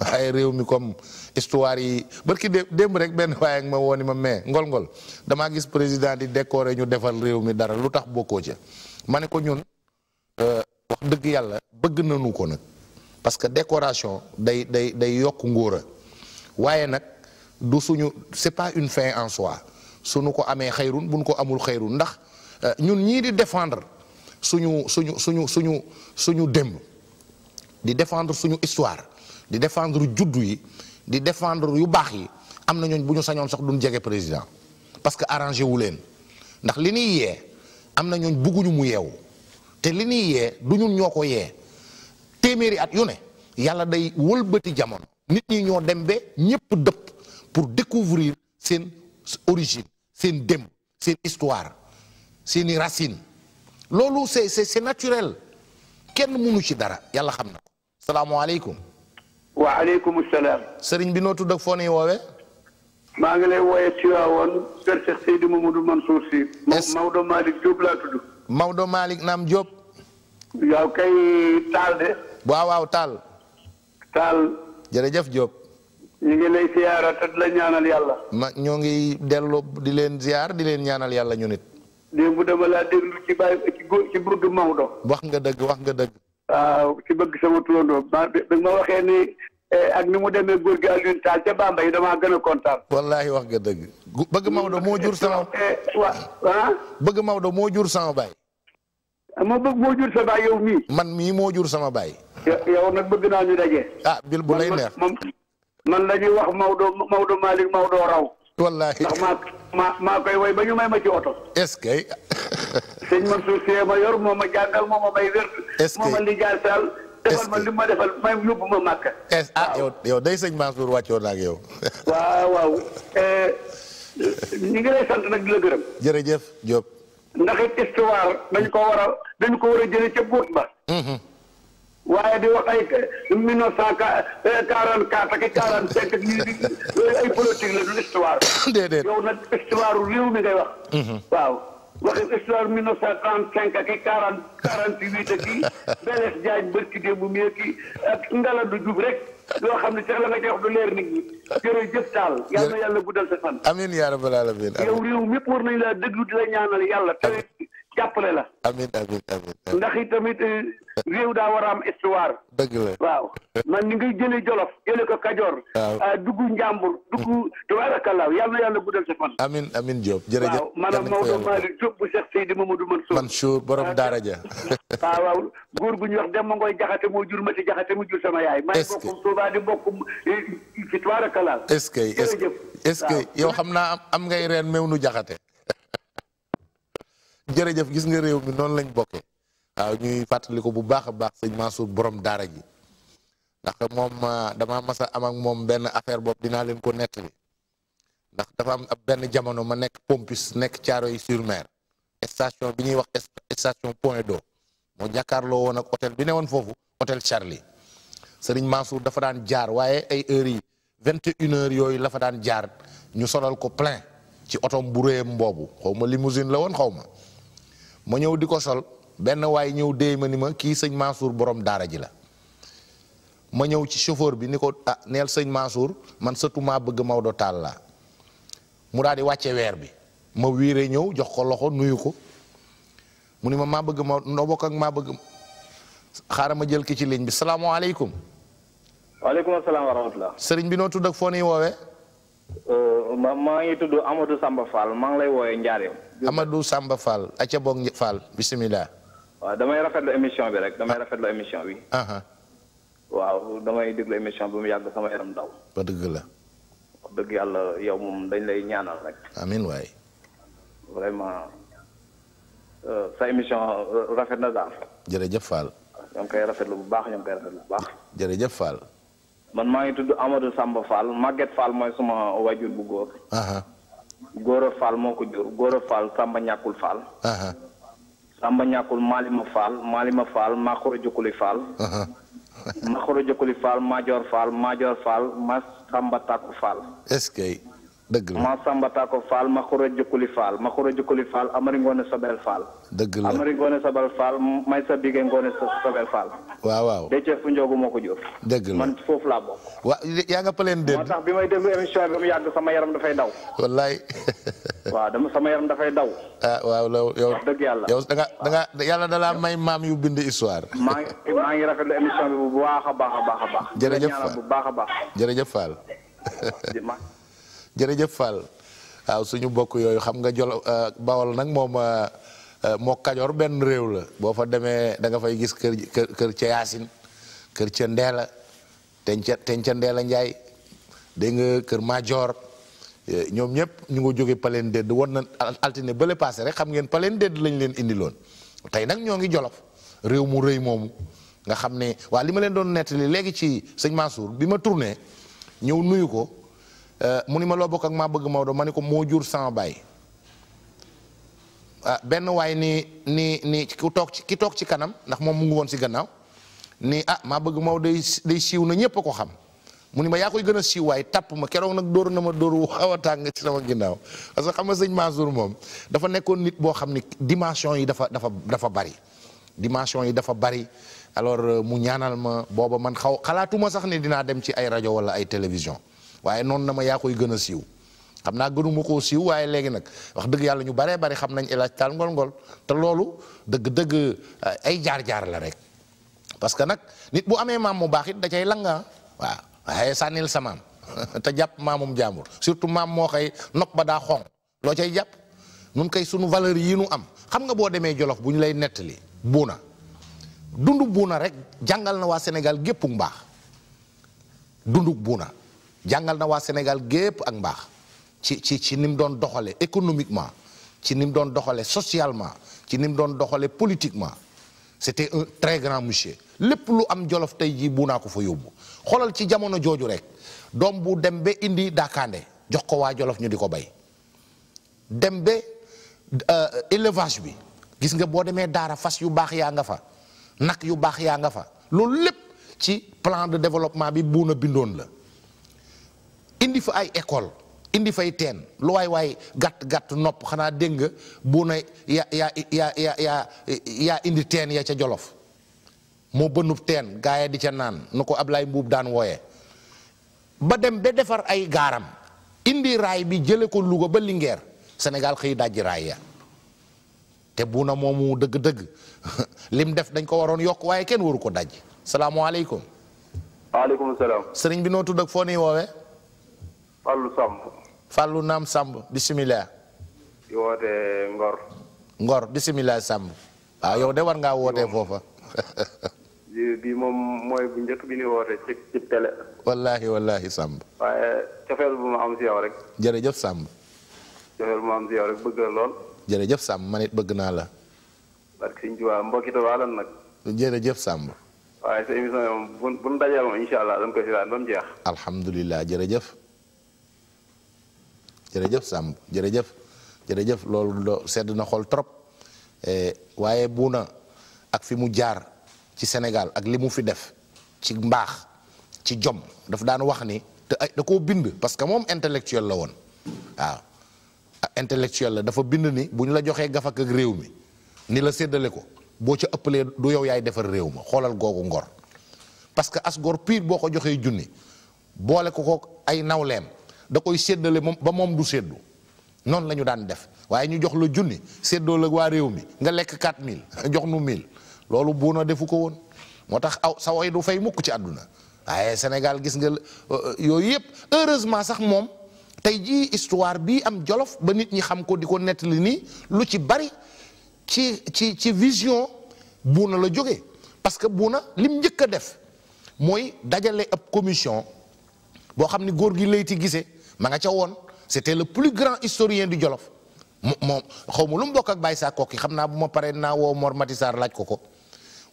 waaye réew mi comme histoire yi barki dé démb rek benn waaye ak ma woo ni ma mais ngol-ngol damaa gis président di décorer ñu defal réew mi dara lu tax bokkoo ca ma ne ko ñun euh, wax dëgg yàlla bëgg nañu ko nag parce que décoration day day day yokk ngóora waaye nag du suñu c'est pas une fin en su suñu ko amee xayrun buñ ko amul xayrun ndax euh, ñun ñii di défendre suñu suñu suñu suñu suñu démb di défendre suñu histoire di défendre juddu yi di defendre yu baax yi am na ñooñ bu ñu sañoon sax duñ jege président parce que arrangé wu leen ndax li ñuy yee am na ñooñ bugguñu mu yeewu te li ñuy yee du ñun ñoo ko yee téeméeri at yu ne yàlla day wëlbati jamono nit ñi ñoo dem ba ñëpp dëpp pour découvrir seen origine seen démb seen histoire seeni racine loolu c'est c'est naturel kenn mënu ci dara yàlla xam na ko salaamaaleykum wa aleykum salaam. sëriñ bi noo tudd ak maa ngi lay wooyee Tiwaawoon kër Cheikh Seydou Mamadou Mansour Sy. est Maodo Malick Diop tudd. Maodo Malick naam Diop. yow kay Taal de. waaw waaw Taal. Taal. jërëjëf Diop. ñu ngi lay te di la ñaanal yàlla. ma ñoo ngi delloo di leen ziyaar di leen ñaanal yàlla ñu nit. démb dama ci bàyyi ci góor ci wax nga dëgg wax nga dëgg. waaw ci bëgg sama turandoo ma bi ma waxee ni eh, ak ni mu demee góor gi Alioune Tall ca Bambey damaa gën a kontaan. wallaahi wax nga dëgg. bëgg Maodo moo jur sama. Eh, eh, ah. Ah? bëgg Maodo moo jur sama baay. ma bëgg moo jur sa baay yow mii. man mii moo jur sama baay. yow nag bëgg naa ñu daje. ah bil bu lay neex man la ñuy wax Maodo Maodo Malick Maodo raw. wallaahi ndax maa koy woy ba ñu may ma ci oto. est-ce que. sëñ Mansour Sy ma yor moo ma jàngal moo ma may wér. est-ce que moo defal ma li ma defal may yóbbu ma màkk. est ah yow day sëñ Mansour wàccoon na yow. waaw waaw eh, sant nag di jërëjëf Diop. ndax it histoire ko war a ko war a jëlee ba. Mm-hmm. waaye di wax ay mille neuf cent quarante quatre ak quarante cinq ak lii ay politique la du histoire. déedéet yow nag histoire réew mi ngay wax. Mm-hmm. waxi histoire mille neuf cent trente cinq ak i quarante quarante huit ak i Blaise Diagne bërki démb mi ak i ngala du jub xam ne sax la nga jox du leer nit ñi jërëjëf Tall yal na yàlla guddal sa fan amiin war nañ laa déglu di la ñaanal yàlla jàppale la. amiin amiin amiin a am histoire. dëgg la waaw man ni ngay jëlee Jolof jëlee ko Kajoor. waaw ah, dugg Njàmbur dugg tabaarakallah yal na yàlla guddal sa fan. amiin amiin Diop jërëjëf. waaw maanaam Maodo Malick Diop bu Cheikh Seydi ah. ah, waaw waaw gu ñuy dem ma ngoy jaxate moo jur ma ci jaxate mu jur sama yaay. est ce que maa di bokk ci eh, tabaarakallah. est ce que est ce yow xam naa am ngay reen meew nu jaxate. jërëjëf gis nga réew mi noonu lañ bokkee waaw ñuy fàttali ko bu baax a baax sëñ Mansour borom daara ji ndax moom ah, dama mas a am ak moom benn affaire boobu dinaa leen ko nettali ndax dafa am ab benn jamono ma nekk Pompis nekk Thiaroye-sur-Mer station bi ñuy wax station Point d'eau moo jàkkaarloo woon ak hôtel bi ne woon foofu hôtel Charlie sëriñ Mansour dafa daan jaar waaye ay heures yi vingt et une heures yooyu lafa daan jaar ñu solal ko plein ci otom bu réyam boobu xaw ma limousine la woon xaw ma ma ñëw di ko sol benn waay ñëw déy ma ni ma kii sëñ Mansour borom daara ji la ma ñëw ci chauffeur bi ni ko ah neel sëñ Mansour man sëtu maa bëgg Maodo Tall la mu daal wàcce weer bi ma wiire ñëw jox ko loxo nuyu ko mu ni ma maa bëgg ma noo bokk ak maa bëgg xaaral ma jël ki ci ligne bi salaamaaleykum. waaleykum salaam wa rahmatulah. sëriñ bi noo tudd foo nii woowee. Euh, maa ngi tudd Amadou Samba Fall maa ngi lay woowee Njaareem. Amadou Samba Fall aca boog Fall bisimilah. waaw damay rafetlu émission bi rek damay rafetlu émission bi. waaw damay déglu émission bi mu yàgg sama yaram daw. ba dëgg la. wax dëgg yàlla yow moom dañ lay ñaanal rek. amiin waay. vraiment euh, sa émission euh, rafet na daal. jërëjëf Fall. ñoo ngi koy rafetlu bu baax ñoo ngi koy rafetlu bu baax. jërëjëf Fall. man maa ngi tudd Amadou Samba Fall Maguette Fall mooy suma wajur bu góor. Gora Fall moo ko jur Gora Fall Samba ñàkkul Fall. Samba ñàkkul Malima Fall Malima Fall Maxoro Jokuli Fall. Maxoro Jokuli Fall Major Fall Major Fall Mas Samba Takku Fall. est dëgg la ma Samba Tako ma Khura Jukuli faal ma Khura Jukuli Fall Amari Ngone Sobel faal dëgg la Amari Ngone Sobel Fall Maysa Bige Ngone Sobel Fall. waaw waaw Déthié Foundiougu moo ko jur. dëgg la man foofu laa bokk. wa yaa nga paleen dégg. moo bi may déglu émission yàgg sama yaram dafay daw. wallaay. waaw dama sama yaram dafay daw. ah waaw loolu yow. dëgg yàlla yow da nga da yàlla da may maam yu bind histoire. maa ngi maa ngi rafetlu émission bi bu baax a baax a baax a baax. jërëjëf Fall bu baax a baax. jërëjëf jërëjëf Fall waaw suñu bokk yooyu xam nga jol euh, bawol nag moom euh, euh, moo kajoor benn réew la boo fa demee da nga fay gis kër kër ca yaasin kër ca ndeela tenca tenca ndeela njaay dégg nga kër majoor ñoom ñëpp ñu ngi jóge paleen dédd woon na altine bële passé rek xam ngeen paleen dédd lañu leen indiloon tey nag ñoo ngi jolof réew mu rëy moomu nga xam ne waa li ma leen doon nettali léegi ci sëñ Mansour bi ma tourné ñëw nuyu ko Euh, mu ni ma loo bokk ak maa bëgg Maodo ma ni ko moo jur sama baay ah, benn waay ni ni ni ku toog ci ki toog ci kanam ndax moom mu ngi woon ci gannaaw ni ah maa bëgg Maodo day day siiw na ñëpp a ko xam mu ni ma yaa koy gën a siiw waaye tapp ma keroog nag dóor na ma dóor wu xaw a tàng ci sama ginnaaw parce que xam nga sëñ Mansour moom dafa nekkoon nit boo xam ni dimension yi dafa dafa dafa bari dimension yi dafa bari alors euh, mu ñaanal ma booba man xaw xalaatuma sax ni dinaa dem ci ay rajo wala ay télévision waaye noonu na ma yaa koy gën a siiw xam naa gënuma koo siiw waaye léegi nag wax dëgg yàlla ñu baree bari xam nañ El Hadj Tall Ngol Ngol te loolu dëgg-dëgg eh, ay jaar-jaar la rek parce que nag nit bu amee maam mu baax it da cay langa waaw waaye sànnil sa maam te jàpp maamum jaambur surtout maam moo kay nopp ba daa xonq loo cay jàpp nun kay suñu valeur yii nu am xam nga boo demee Jolof bu ñu lay nettali buuna dundug buuna rek jàngal na waa Sénégal géppug mbaax dundug buuna jàngal na waa Sénégal gépp ak mbaax ci ci ci ni doon doxale économiquement ci ni mu doon doxale socialement ci ni mu doon doxale politiquement c'était un très grand monsieur lépp lu am jolof tey jii bu naa ko fa yóbbu xoolal ci jamono jooju rek doom bu dem ba indi daakaande jox ko waa jolof ñu di ko bay dem ba euh, élevage bi gis nga boo demee daara fas yu baax yaa nga fa nag yu baax yaa nga fa loolu lépp ci plan de développement bi buuna bindoon la indi fa ay école indi fay teen lu waay waay gàtt gàtt nopp xanaa dégg nga bu na yaa yaa yaa yaa indi teen ya ca jolof moo bënub teen gaa ya di ca naan nu ko Ablaye Mbuub daan wooyee ba dem ba defar ay gaaram indi raay bi jële ko Louga ba Linguère Sénégal xëy dajji raay ya te bu na moomu dëgg-dëgg lim def dañ ko waroon yokk waaye kenn waru ko daj salaamaaleykum. waaleykum salaam. sëriñ bi noo tudd foo nii woowee. Fallou Samb. Fallou Naam Samb bisimilah. di woote Ngor. Ngor bisimilah Samb. waaw yow de war ngaa foofa. bi moom mooy bu njëkk bi ni woote ci ci télé. wallaahi wallaahi waaye cofeel bu ma am si rek. jërëjëf sàmb cofeel bëgg lool. jërëjëf Samb man bëgg naa la. barke Sëñ Tuubaa mbokki Tuubaa lan nag. jërëjëf Samb. waaye sa émission yi moom bu bu nu dajee moom incha allah dama koy si daan ba jeex. alhamdulilah jërëjëf. jërëjëf Samb jërëjëf jërëjëf loolu sedd na xol trop eh, waaye bu na ak fi mu jaar ci Sénégal ak li mu fi def ci mbaax ci jom daf daan wax ni te da koo bind parce que moom intellectuel la woon waaw ah, intellectuel la dafa bind ni bu ñu la joxee gafak ak réew mi ni la séddale ko boo ca ëppalee du yow yaay defar réew ma xoolal googu ngor parce que as gor piir boo ko joxee junni boole ko ko ay nawleem da koy séddale moom ba moom du séddu noonu la ñu daan def waaye ñu jox la junni séddoo la waa réew mi nga lekk mille jox nu mille loolu buuna defu ko woon moo tax aw sa woy du fay mukk ci àdduna waaye Sénégal gis nga euh, yooyu yëpp heureusement sax moom tey jii histoire bii am jolof ba nit ñi xam ko di ko nettali nii lu ci bari ci ci ci vision buuna la jógee parce que buuna lim njëkk a def mooy dajale ab commission boo xam ni góor gi layti gisee ma nga ca woon c'était le plus grand historien di Jolof moom xaw ma lu mu bokk ak saa Sakok yi xam naa bu ma paree naa woo Mor Matisar laaj ko ko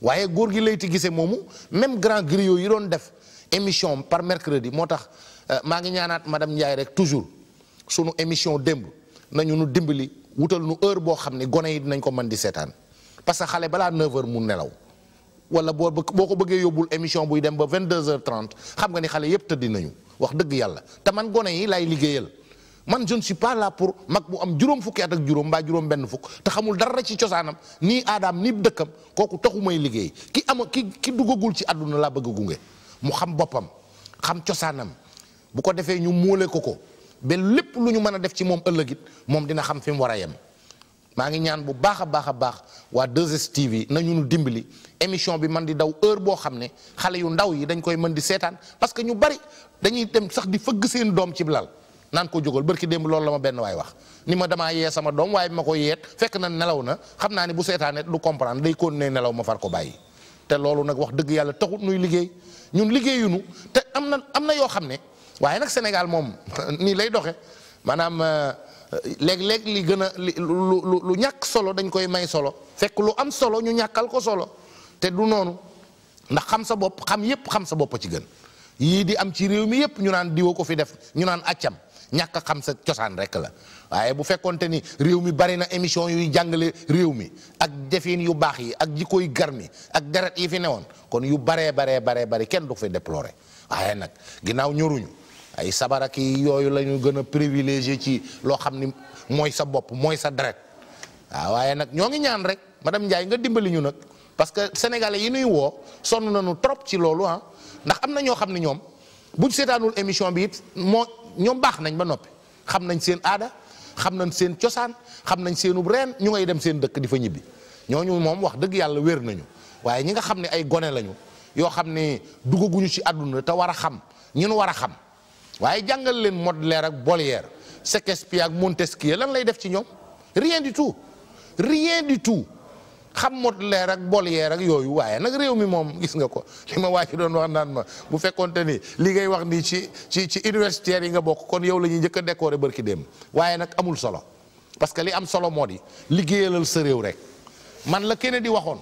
waaye góor gi layti gisee moomu même grand griot yu doon def émission par mercredi moo tax euh, maa ngi ñaanaat ma madame Ndiaye rek toujours sunu émission démb nañu nu dimbali wutal nu heure boo xam ne gone yi dinañ ko mën di seetaan parce que xale balaa 9h mu nelaw wala boo boo ko bëggee yóbbul émission buy dem ba 22h30 xam nga ni xale yépp tëddi wax dëgg yàlla te man gone yi laay liggéeyal man je ne suis pas la pour mag bu am juróom fukki at ak juróom mbaa juróom benn fukk te xamul dara ci cosaanam nii aadaam nii dëkkam kooku taxu may liggéey ki ama ki ki duggagul ci àdduna laa bëgg gunge mu xam boppam xam cosaanam bu ko defee ñu móole ko ko ba lépp lu ñu mën a def ci moom ëllëgit moom dina xam fi mu war a yem maa ngi ñaan bu baax a baax a baax waa 2STV nañu nu dimbali émission bi man di daw heure boo xam ne xale yu ndaw yi dañ koy dañuy dem sax di fëgg seen doom ci lal naan ko jógal barki démb loolu la ma benn waay wax ni ma damaa yee sama doom waaye bi ma ko yeet fekk na nelaw na xam naa ne bu seetaanee du comprendre day ne nelaw ma far ko bàyyi te loolu nag wax dëgg yàlla taxut nuy liggéey ñun liggéeyuñu te am na am na yoo xam ne waaye nag Sénégal moom nii lay doxe maanaam euh, léeg-léeg li gën a lu lu ñàkk solo dañ koy may solo fekk lu am solo ñu ñàkkal ko solo te du noonu ndax xam sa bopp xam yépp xam sa bopp ci gën yii di am ci réew mi yëpp ñu naan diwa ko fi def ñu naan accam ñàkk a xam sa cosaan rek la waaye bu fekkonte ni réew mi bari na émission yuy jàngale réew mi ak jëfin yu baax yi ak jikko yu garmi ak deret yi fi newoon kon yu baree baree baree bari kenn du fi déplorer waaye nag ginnaaw ñoruñu ay sabarak yi yooyu lañu ñu gën a privilégié ci loo xam ni mooy sa bopp mooy sa deret waaw waaye nag ñoo ngi ñaan rek madame Ndiaye nga dimbali ñu nag parce que sénégalais yi nuy woo sonn nañu trop ci loolu ah. ndax am na ñoo xam ne ñoom bu ñu seetaanul émission bi it moo ñoom baax nañ ba noppi xam nañ seen aada xam nañ seen cosaan xam nañ seenub reen ñu ngay dem seen dëkk di fa ñibbi ñooñu moom wax dëgg yàlla wér nañu waaye ñi nga xam ne ay gone lañu yoo xam ne dugaguñu ci àdduna te war a xam ñun war a xam waaye jàngal leen Baudelaire ak Molière Shakespeare ak Montesquieu lan lay def ci ñoom rien du tout rien du tout xam mot leer ak bol yeer yooyu waaye nag réew mi moom gis nga ko li ma waa ci doon wax naan ma bu fekkonte ni li ngay wax nii ci ci ci universitaire yi nga bokk kon yow la ñuy njëkk a décorer barki dem waaye nag amul solo parce que li am solo moo di liggéeyalal sa réew rek man la keneen di waxoon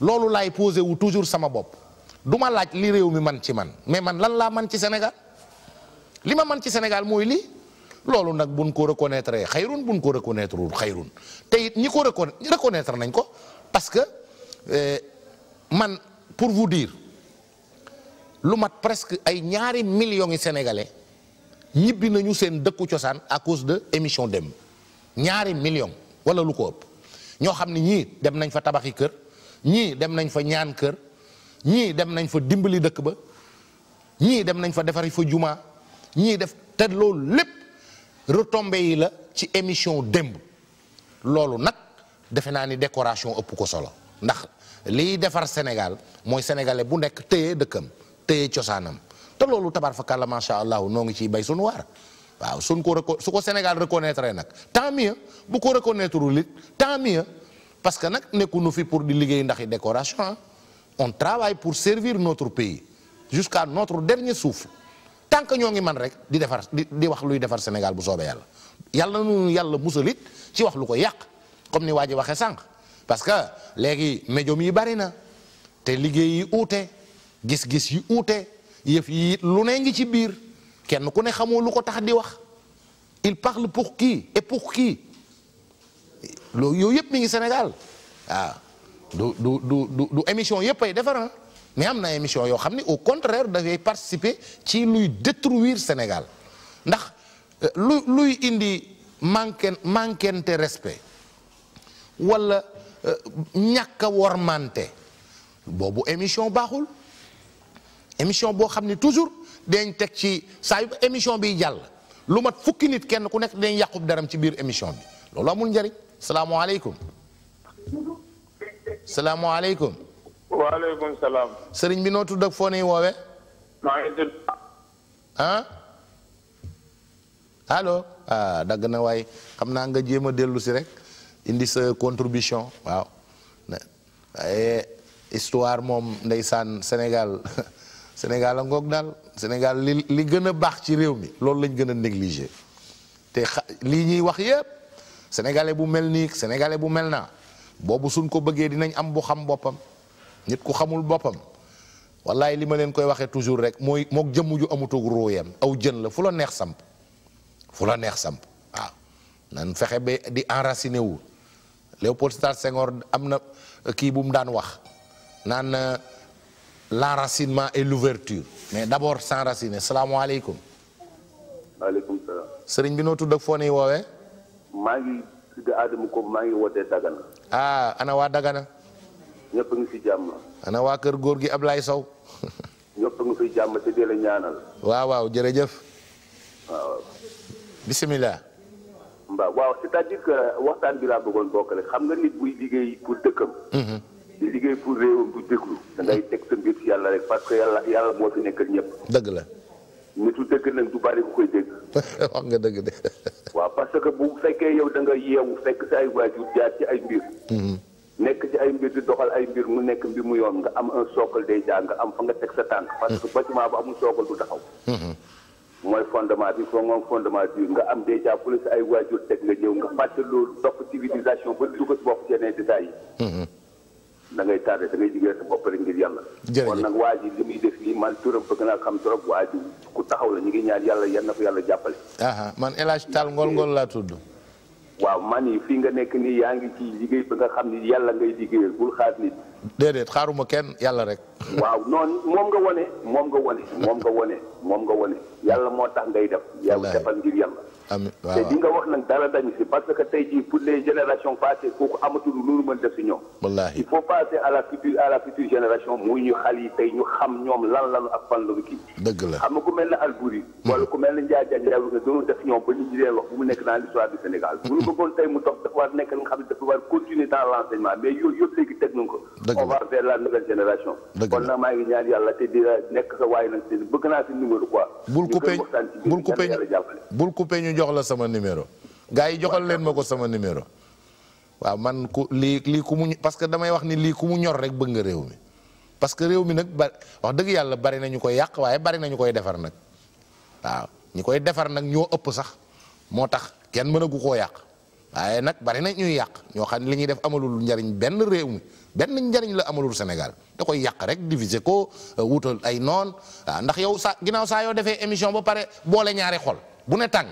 loolu laay posé wu toujours sama bopp du ma laaj li réew mi man ci man mais man lan laa man ci Sénégal li ma man ci Sénégal mooy lii loolu nag buñ ko reconnaître xayrun buñ ko reconnaître wul xayrun te it ñi ko recon reconnaître nañ ko parce que euh, man pour vous dire lu mat presque ay ñaari millions yi sénégalais ñibbi nañu seen dëkku cosaan à cause de émission Démb ñaari million wala lu ko ëpp ñoo xam ne ñii dem nañ fa tabaxi kër ñii dem nañ fa ñaan kër ñii dem nañ fa dimbali dëkk ba ñii dem nañ fa defari fa jumaa ñii def te loolu lépp retombé yi la ci émission Démb loolu nag defe naa ni décoration ëpp ko solo ndax liy defar Sénégal mooy sénégalais bu nekk téye dëkkam téye cosaanam te loolu tabaar fakàlla macha allah noo ngi ciy bay sunu waar waaw suñ ko reco su ko Sénégal reconnaître nag tant mieux bu ko reconnaître lit tant mieux parce que nekku nu fi pour di liggéey ndax i décoration on travaille pour servir notre pays jusqu'à notre dernier suuf tant que ñoo ngi man rek di defar di wax luy defar Sénégal bu soobee yàlla yàlla na nu yàlla ci wax lu ko yàq. comme ni waa ji waxee sànq parce que léegi mejom yi bari na te liggéey yi uute gis-gis yi uute yëf yi lu ne ngi ci biir kenn ku ne xamoo lu ko tax di wax il parle pour qui et pour qui loo yooyu yëpp mi ngi Sénégal waaw du du du du du émission yëpp ay defar ah. mais am na émission yoo xam ni au contraire dafay participer ci luy détruire Sénégal ndax euh, lu luy indi manquen manquente respect wala euh, ñàkk a wormante boobu émission baaxul émission boo xam ne toujours dañ teg ci saa émission bi jàll lu mat fukki nit kenn ku nekk dañ yàqub daram ci biir émission bi loolu amul njëriñ salaamaaleykum salaamaaleykum. waaleykum salaam. sëriñ bi noo tudd ak foo nii woowee. maa ah, dagg na waaye xam naa nga jéem a dellu rek. indi sa contribution waaw waaye histoire moom ndeysaan Sénégal Sénégal a ngoog daal Sénégal li li gën a baax ci réew mi loolu lañ gën a négligé te lii ñuy wax yépp sénégalais bu mel nii sénégalais bu mel naa boobu suñ ko bëggee dinañ am bu xam boppam nit ku xamul boppam wallaay li ma leen koy waxee toujours rek mooy moo jëmm ju amutug ruuyam aw jën la fu la neex samp fu la neex samp waaw nan fexe ba di enraciné wu Léopold Sédar Senghor am na euh, bu mu daan wax naan euh, l'enracinement et l'ouverture mais d'abord s'enraciner salaamaaleykum. maaleykum salaam. sëriñ bi noo tudd ak foo nii woowee. Adama Kob maa ngi Dagana. ah ana waa Dagana. ñëpp ngi ci jàmm. ana waa kër góor gi Ablaye Sow. ñëpp ngi fi jàmm te dee ñaanal. waaw waaw jërëjëf. waaw. bisimilah. mbaa waaw c'est-à-dire que waxtaan bi laa bëggoon bokkale xam nga nit buy liggéey pour dëkkam. Mhm. di liggéey pour réewam du déglu. da ngay teg sa mbir ci yàlla rek parce que yàlla yàlla moo fi nekk ñëpp. dëgg la. nitu dëgg nag du bari ku koy dëgg de. waaw parce que bu fekkee yow da nga yeewu fekk sa ay waajur jaar ci ay mbir. Mhm. nekk ci ay mbir di doxal ay mbir mu nekk mbir mu yoon nga am un socle déjà nga am fa nga teg sa tànk. parce que mhm. bâtiment bu amul socle du taxaw. mooy fondement bi foo moom fondement bi nga am déjà plus ay waajur teg nga ñëw nga fàtte loolu topp civilisation ba dugg si bopp yeneen détails yi mhm. da ngay tardé da ngay jigéen sa bopp rek ngir yàlla kon nag waa ji li muy def nii man turam bëgg naa xam trop waa ku taxaw la ñu ngi ñaan yàlla yan na ko yàlla jàppale aha man El Hadj Tall Ngol Ngol laa tudd waaw man yi fii nga nekk nii yaa ngi ci liggéey ba nga xam ni yàlla ngay liggéeyal bul xaar nit déedéet xaaruma kenn yàlla rek. waaw noonu moom nga wone moom nga wone moom nga wone moom nga wone yàlla moo tax ngay def. yow defal ngir yàlla. amiin waaw te li wax nag dara dañu si parce que tey jii pour les générations passées kooku amatul lu mën def si ñoom. il faut passer à la future à la future génération muy ñu xal yi tey ñu xam ñoom lan lañu ak fan lañu kii. dëgg la xam nga mel ne Albouri. Mhm. wala ku mel ne Ndiaye Diagne Diagne nga def ñoom ba nit ñi leen wax bu mu nekk dans l'histoire Sénégal. Mhm. bu mu nekk nga xam ne mais yooyu yëpp léegi teg nañu on va vers la nouvelle génération. dëgg la nag jox la sama numéro gars yi joxal leen ma ko sama numéro waaw man ku lii lii ku mu parce que damay wax ni lii ku mu ñor rek bëgg nga réew mi parce que réew mi nag ba wax dëgg yàlla bari na ñu koy yàq waaye bari na koy defar nag waaw ñi koy defar nag ñoo ëpp sax moo tax kenn mënagu koo yàq waaye nag bari na ñuy yàq ñoo xam ne li ñuy def amalul njariñ benn réew mi benn njariñ la amalul Sénégal da koy yàq rek diviser ko euh, wutal ay noon waaw ndax yow saa ginnaaw saa yoo defee émission ba pare boole ñaari xol bu ne tàng.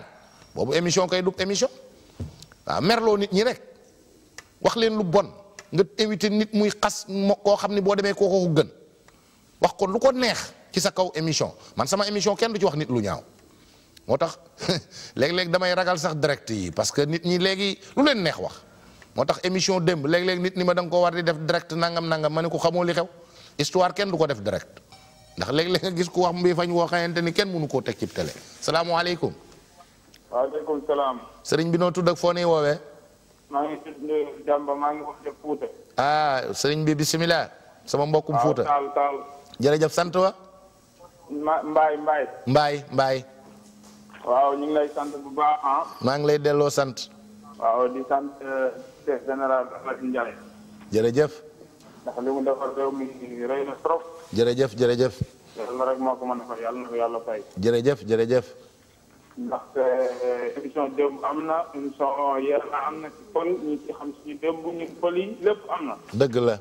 boobu émission kay du émission waaw merloo nit ñi rek wax leen lu bon nga invité nit muy xas moo koo xam ni boo demee koo ko gën wax ko lu ko neex ci sa kaw émission man sama émission kenn du ci wax nit lu ñaaw moo tax léeg-léeg damay ragal sax direct yi parce que nit ñi léegi lu leen neex wax moo tax émission démb léeg-léeg nit ñi ma da nga ko war di def direct nangam nangam ma ne ko xamoo li xew histoire kenn du ko def direct ndax léeg-léeg nga gis ku wax mbii fañ woo xamante ni kenn mënu koo teg ci télé salaamaaleykum waaleykum salaam. sëriñ bi noo tudd ak foo nii woowee. maa ngi tudd Demba maa ngi wax de Fouta. ah sëriñ bi bisimilah. sama mbokkum Fouta waaw jërëjëf sant wa. ma Mbaye mbaay Mbaye waaw ñu ngi lay sant bu baax ah. maa ngi lay delloo sant. waaw di sant eh, chef général jërëjëf. jërëjëf moo ko mën yàlla na jërëjëf jërëjëf. ndax euh, émission démb am na émission yeer na am na pël ñu ci xam si démb ñu pël yi lépp am na. dëgg la.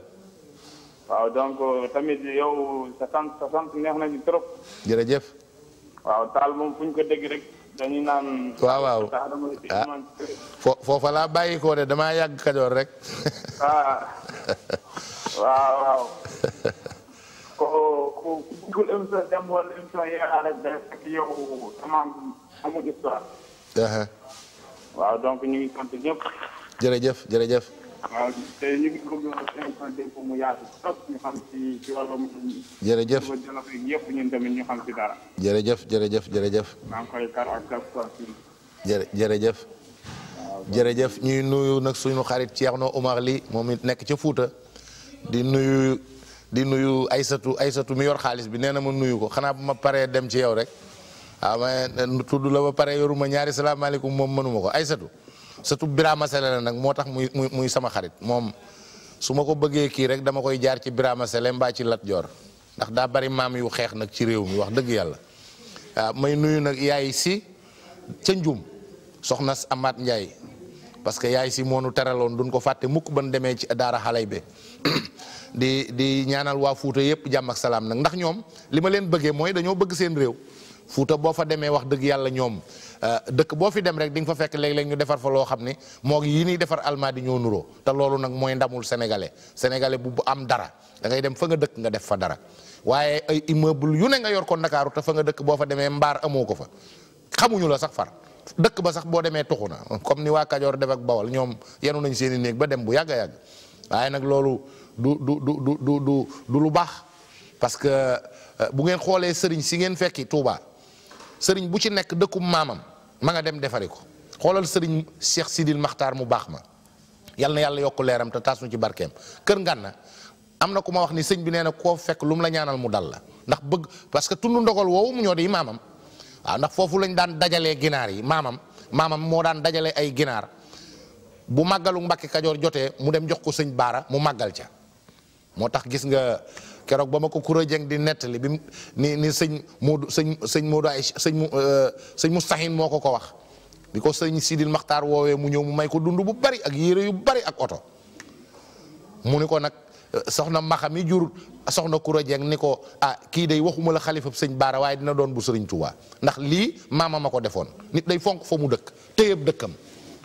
waaw donc euh, tamit yow sa sant neex nañu trop. jërëjëf. waaw taal moom fu ko dégg rek dañuy naan. waaw waaw ah laa bàyyi ko de damaa yàgg kajoor rek. Ah. waaw waaw. ko ku buggul émission dem wala émission yeer rek day tamam. amul histoire. jërëjëf jërëjëf. waaw te jërëjëf yëpp jërëjëf jërëjëf jërëjëf. jërëjëf. ñuy nuyu nag suñu xarit Thierno Omar li moom it nekk ci Fuuta di nuyu di nuyu Aysatu Aysatu mi yor xaalis bi nee na ma nuyu ko xanaa bu ma paree dem ci yow rek. waaw ah, ma eh, tudd la ba pare yoruma ñaari salaamaaleykum moom mënuma ko ay satu Birama Sele la nag moo tax muy muy muy sama xarit moom su ma ko bëggee kii rek dama koy jaar ci Birama Sele mbaa ci Lat Joor ndax daa bari maam yu xeex nag ci réew mi wax dëgg yàlla waaw ah, may nuyu nag yaay si ca Njum soxna amaat Ndiaye parce que yaay si moonu teraloon duñ ko fàtte mukk ban demee ci daara xalay be di di ñaanal waa Fuuta yëpp jàmm ak salaam nag ndax ñoom li ma leen bëggee mooy dañoo bëgg seen réew Fuuta boo fa demee wax dëgg yàlla ñoom euh, dëkk boo fi dem rek di nga fa fekk léeg-léeg ñu defar fa loo xam ne moo yi ñuy defar almaadi ñoo nuroo te loolu nag mooy ndamul sénégalais sénégalais bu am dara dangay dem fa nga dëkk nga def fa dara waaye ay yu ne nga yor ko ndakaaru te fa nga dëkk boo fa demee mbaar amoo ko fa xamuñu la sax far dëkk ba sax boo demee tuxu na comme ni waa Kajoor def ak Bawol ñoom yenu nañ seen i néeg ba dem bu yàgg a yàgg waaye nag loolu du du du du du lu baax parce que euh, bu ngeen xoolee sëriñ si ngeen fekki Touba. sëriñ bu ci nekk dëkkum maamam ma nga dem defari ko xoolal sëriñ Cheikh Sidil Maxtaar mu baax ma yal na yàlla yokk leeram te taas nu ci barkeem kër Ngana am na ku ma wax ni sëñ bi nee na koo fekk lu mu la ñaanal mu dal la ndax bëgg parce que tund ndogal woowu mu ñoo di maamam waaw ndax foofu lañ daan dajalee ginaar yi maamam maamam moo daan dajale ay ginaar bu màggalu Mbàkke Kajoor jotee mu dem jox ko sëñ Baara mu màggal ca moo tax gis nga keroog ba ma ko Koura Dieng di nettali bi ni ni sëñ Modou sëñ sëñ Modou ay sëñ mu euh, sëñ moo ko ko wax bi ko sëñ Sidil Maxtaar woowee mu ñëw mu may ko dund bu bari ak yére yu bari ak oto mu ni ko nag euh, soxna Maxam yi jur soxna Koura Dieng ni ko ah kii day waxuma la xalifa sëñ Baara waaye dina doon bu sëriñ Touba ndax lii maama ma ko defoon nit day fonk foo mu dëkk téyeb dëkkam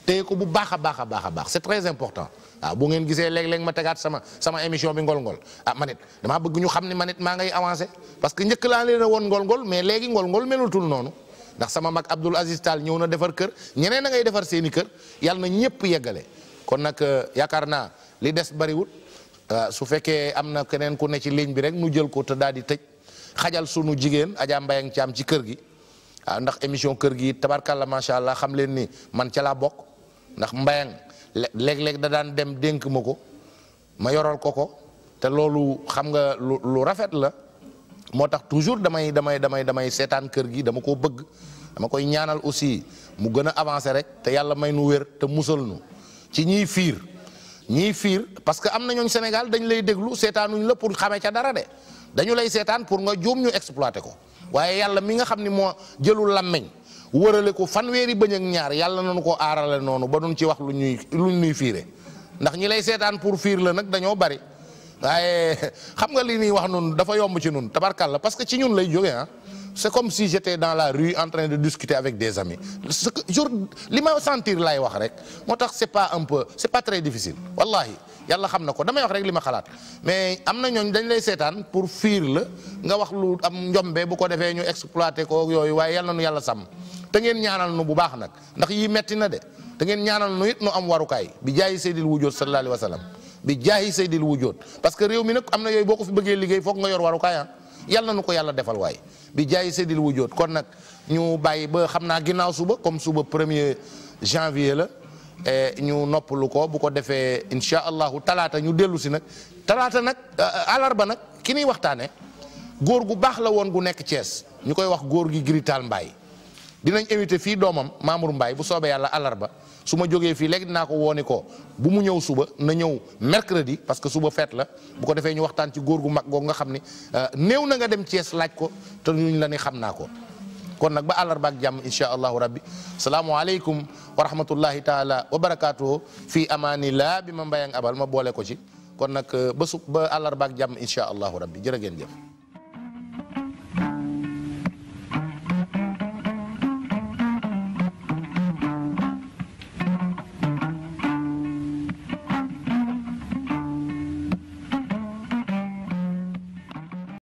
téye ko bu baax a baax a baax a baax c'est très important waaw ah, bu ngeen gisee léeg-léeg ma tegaat sama sama émission bi ngol-ngol ah man it bëgg ñu xam ne manit it maa ngay avancé parce que njëkk laa leen a woon ngol-ngol mais léegi noonu ndax sama mag Abdoul Aziz Tall ñëw na defar kër ñeneen na ngay defar seeni kër yàlla na ñëpp yeggale kon nag euh, yaakaar naa li des bariwul euh, su fekkee am na keneen ku ne ci ligne bi rek nu jël ko te daal di tëj xajal sunu jigéen Adja Mbayang Thiam ci kër gi ah, ndax émission kër gi tabarkalla macha allah xam leen ni man ca laa bokk ndax Mbayang léeg-léeg da daan dem dénk ma ko ma yoral ko ko te loolu xam nga lu lu rafet la moo tax toujours damay damay damay damay seetaan kër gi dama ko bëgg dama koy ñaanal aussi mu gën a avancer rek te yàlla may nu wér te musal nu ci ñii fiir ñii fiir parce que am na ñooñ Sénégal dañ lay déglu seetaanuñ la pour xamee ca dara de dañu lay seetaan pour nga juum ñu exploiter ko waaye yàlla mi nga xam ni moo jëlul làmmeñ wërale ko fanweeri bëñ ñaar yàlla nañu ko aarale noonu ba duñ ci wax lu ñuy lu ñuy fiire ndax ñi lay seetaan pour fiir la nag dañoo bari waaye xam nga li ñuy wax nun dafa yomb ci nun la parce que ci ñun lay jógee ah c'est comme si j'étais dans la rue en train de discuter avec des amis ce que jour li ma sentir laay wax rek moo tax c'est pas un peu c'est pas très difficile wallahi yàlla xam na ko damay wax rek li ma xalaat mais am na ñooñ dañ lay seetaan pour fiir la nga wax lu am njombe bu ko defee ñu exploité ko yooyu waaye yàlla nu yàlla sàmm te ngeen ñaanal nu bu baax nag ndax yii metti na de te ngeen ñaanal nu nu am warukaay bi jaayi seydil wujoot sallallahu alayhi wa sallam bi jaayi seydil wujoot parce que réew mi nag am na yooyu boo ko fi bëggee liggéey foog nga yor warukaay ah. yàlla nu ko yàlla defal waay bi jaayi seydil wujoot kon nag ñu bàyyi ba xam naa ginnaaw suba comme suba premier janvier la E ñu noppalu ko bu ko defee incha allahu talaata ñu dellu si nag talaata nag alarba euh, nag ki ñuy waxtaanee góor gu baax la woon gu nekk Thiès ñu koy wax góor gi Girital Mbaye dinañ invité fii doomam Mamour Mbaye bu soobee yàlla alarba su ma jógee fii léegi dinaa ko wooni ko bu mu ñëw suba na ñëw mercredi parce que suba feet la bu ko defee ñu waxtaan ci góor gu mag googu nga xam ni euh, néew na nga dem cees laaj ko te ñu la ni xam naa ko kon nag ba àllarba ak jàmm insha allahu rabbi salaamualeykum wa rahmatullahi taala wa barakaatuhu fii amaanillah bi ma mbayang abal ma boole ko ci kon nag uh, ba su ba àllarba ak jàmm insha allahu rabbi jërë ngeen jëf